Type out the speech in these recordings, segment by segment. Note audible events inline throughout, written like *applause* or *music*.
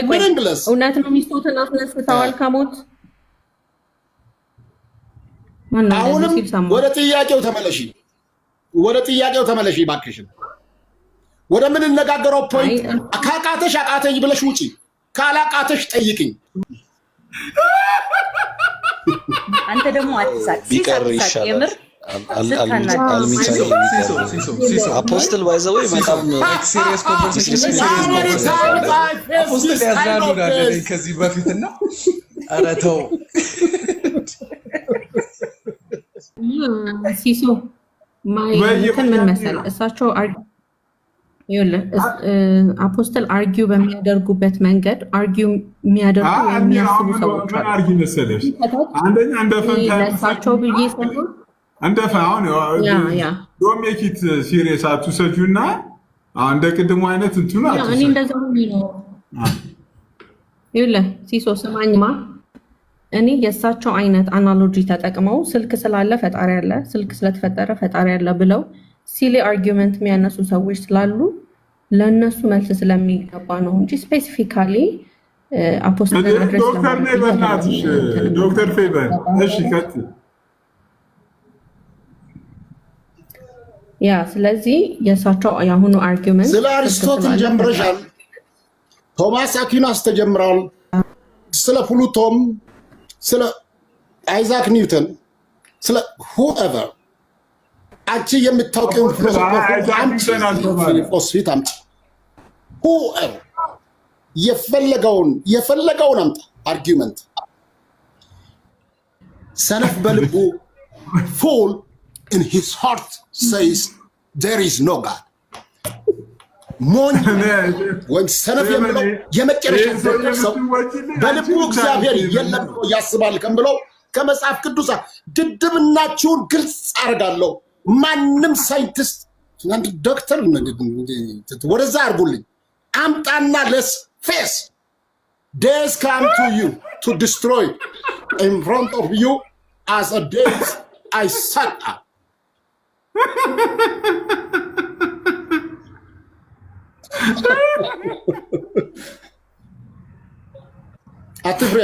እውነት ነው ሚስቶትን አስነስተዋል ከሞት አሁንም ወደ ጥያቄው ተመለሺ፣ ወደ ጥያቄው ተመለሺ እባክሽን። ወደምንነጋገረው ፖይንት ካቃተሽ አቃተኝ ብለሽ ውጪ፣ ካላቃተሽ ጠይቅኝ። አንተ ደግሞ አትሳቅ፣ ሲሳቅ የምር አፖስትል ባይዘው በጣም አፖስትል ያዝናኑናል ከዚህ በፊት እና ኧረ ተው ሲሶ እንትን ምን መሰለህ እሳቸው አፖስትል አርጊው በሚያደርጉበት መንገድ አርጊው የሚያደርጉ የሚያስቡ ሰዎች አንደኛ እንደ ፈንታ ብዬ ሰሆን እንደፈ አሁን ዶም የኪት ሲሪየስ አትውሰጁ እና እንደ ቅድሙ አይነት እንትኑ እኔ እንደዛ ነው ይለ ሲሶ ስማኝማ እኔ የእሳቸው አይነት አናሎጂ ተጠቅመው ስልክ ስላለ ፈጣሪ አለ፣ ስልክ ስለተፈጠረ ፈጣሪ አለ ብለው ሲሊ አርጊመንት የሚያነሱ ሰዎች ስላሉ ለእነሱ መልስ ስለሚገባ ነው እንጂ ስፔሲፊካሊ አፖስትል ዶክተር ፌበን እሺ ፌበን ያ ስለዚህ የእሳቸው የአሁኑ አርጊመንት ስለ አሪስቶትል ጀምረሻል፣ ቶማስ አኪናስ ተጀምራል፣ ስለ ፕሉቶም፣ ስለ አይዛክ ኒውተን፣ ስለ ሁኤቨር አንቺ የምታውቂውን ፊሎሶፊ አምጪ፣ ሁኤቨር የፈለገውን የፈለገውን አምጣ አርጊመንት ሰነፍ በልቡ ፉል in his heart says, There is no God. ሞኝ ወይም ሰነፍ የምለው የመጨረሻ ሰው በልቡ እግዚአብሔር የለም ብሎ ያስባል ከም ብለው ከመጽሐፍ ቅዱሳ ድድብናችሁን ግልጽ አድርጋለሁ። ማንም ሳይንቲስት አንድ ዶክተር ወደዛ አድርጉልኝ አምጣና ለስ ፌስ days come to you to destroy in front of you as a days I sat up. አትፍሪ፣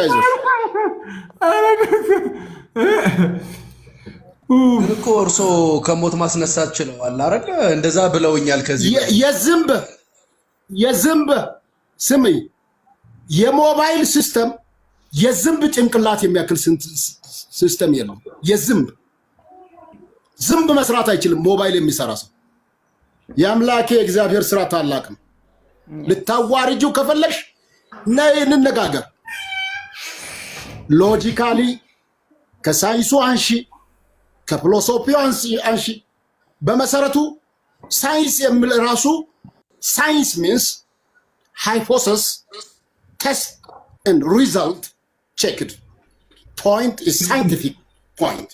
እኮ እርሶ ከሞት ማስነሳት ችለዋል አይደል? እንደዛ ብለውኛል። ከዚህ የዝንብ የዝንብ የሞባይል ሲስተም የዝንብ ጭንቅላት የሚያክል ሲስተም የለም። የዝንብ ዝንብ መስራት አይችልም። ሞባይል የሚሰራ ሰው የአምላኬ የእግዚአብሔር ስራ ታላቅ ነው። ልታዋርጅው ከፈለሽ እና እንነጋገር። ሎጂካሊ ከሳይንሱ አንሺ፣ ከፊሎሶፊው አንሺ። በመሰረቱ ሳይንስ የሚል ራሱ ሳይንስ ሚንስ ሃይፖሰስ ቴስት ሪዛልት ቼክድ ፖይንት ሳይንቲፊክ ፖይንት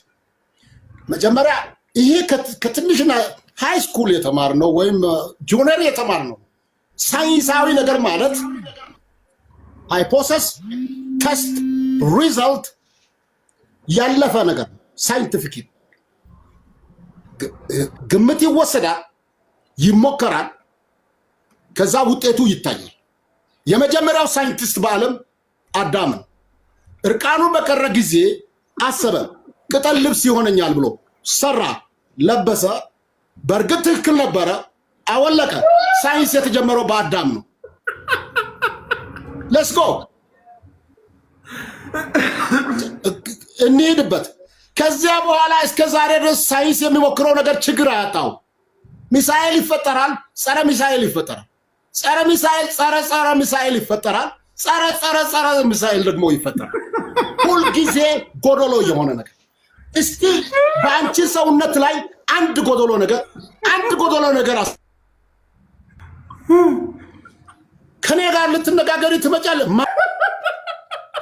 መጀመሪያ ይሄ ከትንሽና ሃይ ስኩል የተማር ነው ወይም uh, ጆነር የተማር ነው። ሳይንሳዊ ነገር ማለት ሃይፖሰስ ተስት ሪዛልት ያለፈ ነገር ሳይንቲፊክ ግምት ይወሰዳል፣ ይሞከራል፣ ከዛ ውጤቱ ይታያል። የመጀመሪያው ሳይንቲስት በዓለም አዳም ነው። እርቃኑን በቀረ ጊዜ አሰበ። ቅጠል ልብስ ይሆነኛል ብሎ ሰራ። ለበሰ። በእርግጥ ትክክል ነበረ። አወለቀ። ሳይንስ የተጀመረው በአዳም ነው። ለስጎ እንሄድበት። ከዚያ በኋላ እስከ ዛሬ ድረስ ሳይንስ የሚሞክረው ነገር ችግር አያጣው። ሚሳኤል ይፈጠራል፣ ጸረ ሚሳኤል ይፈጠራል፣ ጸረ ሚሳኤል፣ ጸረ ጸረ ሚሳኤል ይፈጠራል፣ ጸረ ጸረ ጸረ ሚሳኤል ደግሞ ይፈጠራል። ሁልጊዜ ጎዶሎ የሆነ ነገር እስቲ በአንቺ ሰውነት ላይ አንድ ጎዶሎ ነገር አንድ ጎዶሎ ነገር አስ ከኔ ጋር ልትነጋገሪ ትመጫለ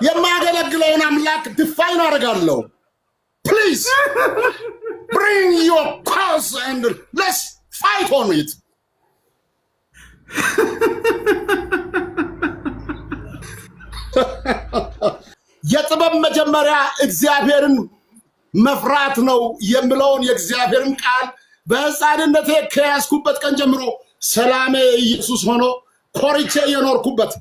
የማገለግለውን አምላክ ድፋይ ነው አደርጋለሁ። ፕሊዝ ብሪንግ ዮ ኮዝ ኤንድ ለስ ፋይት ኦን ኢት። የጥበብ መጀመሪያ እግዚአብሔርን መፍራት ነው የምለውን የእግዚአብሔርን ቃል በሕፃንነቴ ከያዝኩበት ቀን ጀምሮ ሰላሜ ኢየሱስ ሆኖ ኮርቼ የኖርኩበት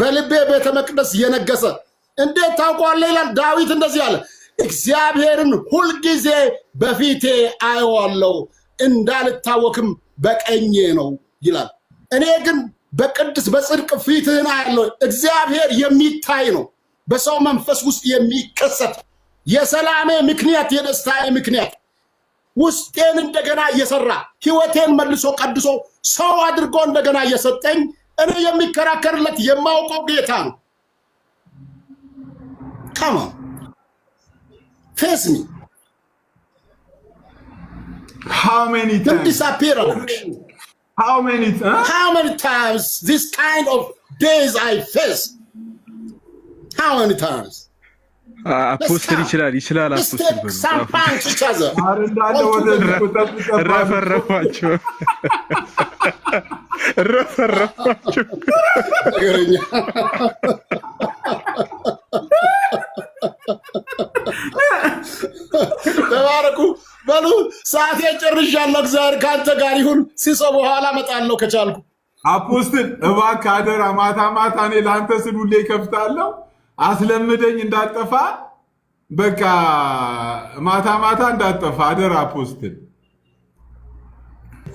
በልቤ ቤተ መቅደስ የነገሰ እንዴት ታውቋለህ? ይላል ዳዊት እንደዚህ አለ፣ እግዚአብሔርን ሁልጊዜ በፊቴ አየዋለሁ እንዳልታወክም በቀኜ ነው ይላል። እኔ ግን በቅድስ በጽድቅ ፊትህን አያለሁ። እግዚአብሔር የሚታይ ነው፣ በሰው መንፈስ ውስጥ የሚከሰት የሰላሜ ምክንያት፣ የደስታዬ ምክንያት ውስጤን እንደገና እየሰራ ህይወቴን መልሶ ቀድሶ ሰው አድርጎ እንደገና እየሰጠኝ እኔ የሚከራከርለት የማውቀው ጌታ ነው። ካማ ፌስሚ How many times? Disappear. አፖስትል ይችላል ይችላል። አፖስትል ረፈረፋቸው *laughs* ረፈረፋቸው። ተባረኩ በሉ። ሰዓት ጨርሻለሁ። እግዚአብሔር ከአንተ ጋር ይሁን። ሲሶ በኋላ እመጣለሁ ከቻልኩ። አፖስትል እባክህ አደራ፣ ማታ ማታ እኔ ለአንተ ስል ሁሌ እከፍታለሁ አስለምደኝ እንዳጠፋ በቃ ማታ ማታ እንዳጠፋ አደራ ፖስትን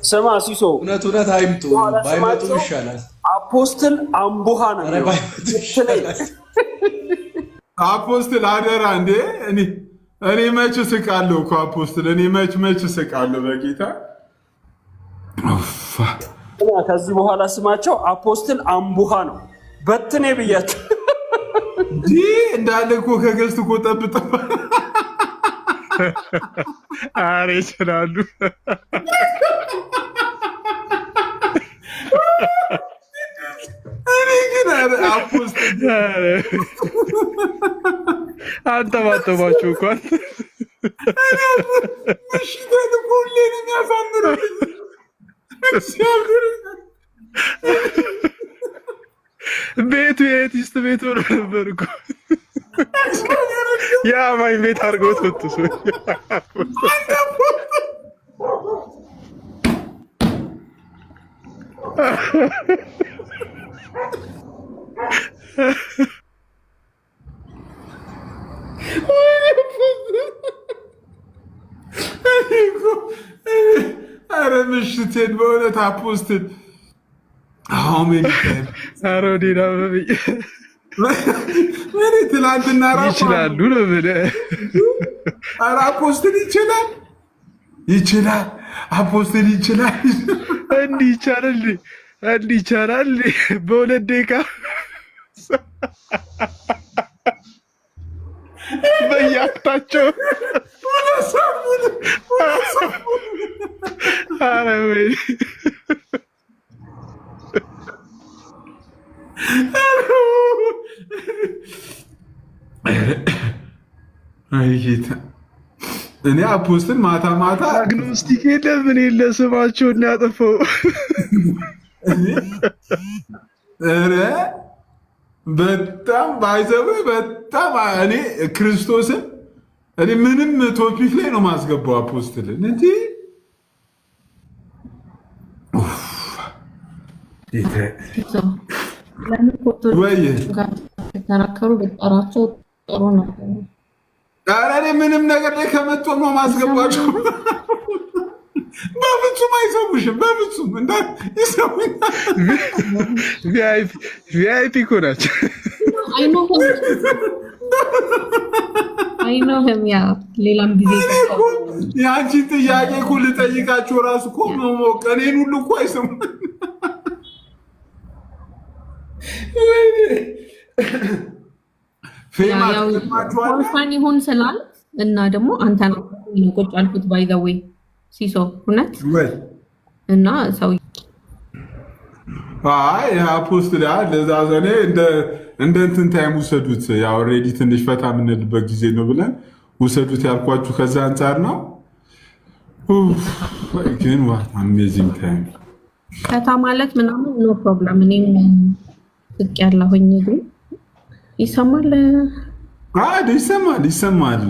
ስማ ሲሶ እውነት እውነት አይምጡ ባይመጡ ይሻላል። አፖስትል አምቦሃ ነው አፖስትል አደራ እንዴ እኔ መች ስቃለሁ እኮ አፖስትል እኔ መች መች ስቃለሁ በጌታ ከዚህ በኋላ ስማቸው አፖስትል አምቡሃ ነው በትኔ ብያቸው እንዳለ እኮ ከገልት እኮ ጠብጠብ አሬ ይችላሉ። አንጠባጠባችሁ እንኳን ሽታ ቤቱ የኤቲስት ቤት ሆኖ ነበር እኮ የአማኝ ቤት አድርገውት ወጡ። ኧረ ምሽቴን በእውነት አፖስትን ትላንትና ይችላሉ አፖስትል ይችላል ይችላል አፖስትል ይችላል። እንዲህ ይቻላል እንዲህ ይቻላል። በሁለት ደቂቃ በያፍታቸው አረ እኔ አፖስትን ማታ ማታ አግኖስቲክ የለም ምን የለ ስማቸውን ያጠፈው በጣም ባይዘብ በጣም እኔ ክርስቶስን እኔ ምንም ቶፒክ ላይ ነው ማስገባው። አፖስትልን እንዲ ተናከሩ ጥሩ ምንም ነገር ላይ ከመጡ ነው ማስገባቸው። በፍጹም አይሰሙሽም። በፍጹም ቪአይፒ እኮ ናቸው። ሌላም ጊዜ የአንቺን ጥያቄ እኮ ልጠይቃችሁ ራሱ እኮ ነው እኔን ሁሉ እኮ አይሰሙም ፌማስማቸዋል ይሁን ስላል እና ደግሞ አንተ ቁጭ አልኩት። ባይዘዌ ሲሶ እውነት እና ሰው ፖስት ላ ለዛ ዘኔ እንደ እንትን ታይም ውሰዱት። ያው ኦልሬዲ ትንሽ ፈታ የምንልበት ጊዜ ነው ብለን ውሰዱት ያልኳችሁ ከዛ አንጻር ነው። ግን ዋት አሜዚንግ ታይም ፈታ ማለት ምናምን ኖ ፕሮብለም እኔም ብቅ ያላሆኝ ግን ይሰማል፣ ይሰማል፣ ይሰማል።